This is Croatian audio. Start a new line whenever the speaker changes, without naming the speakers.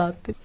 sati.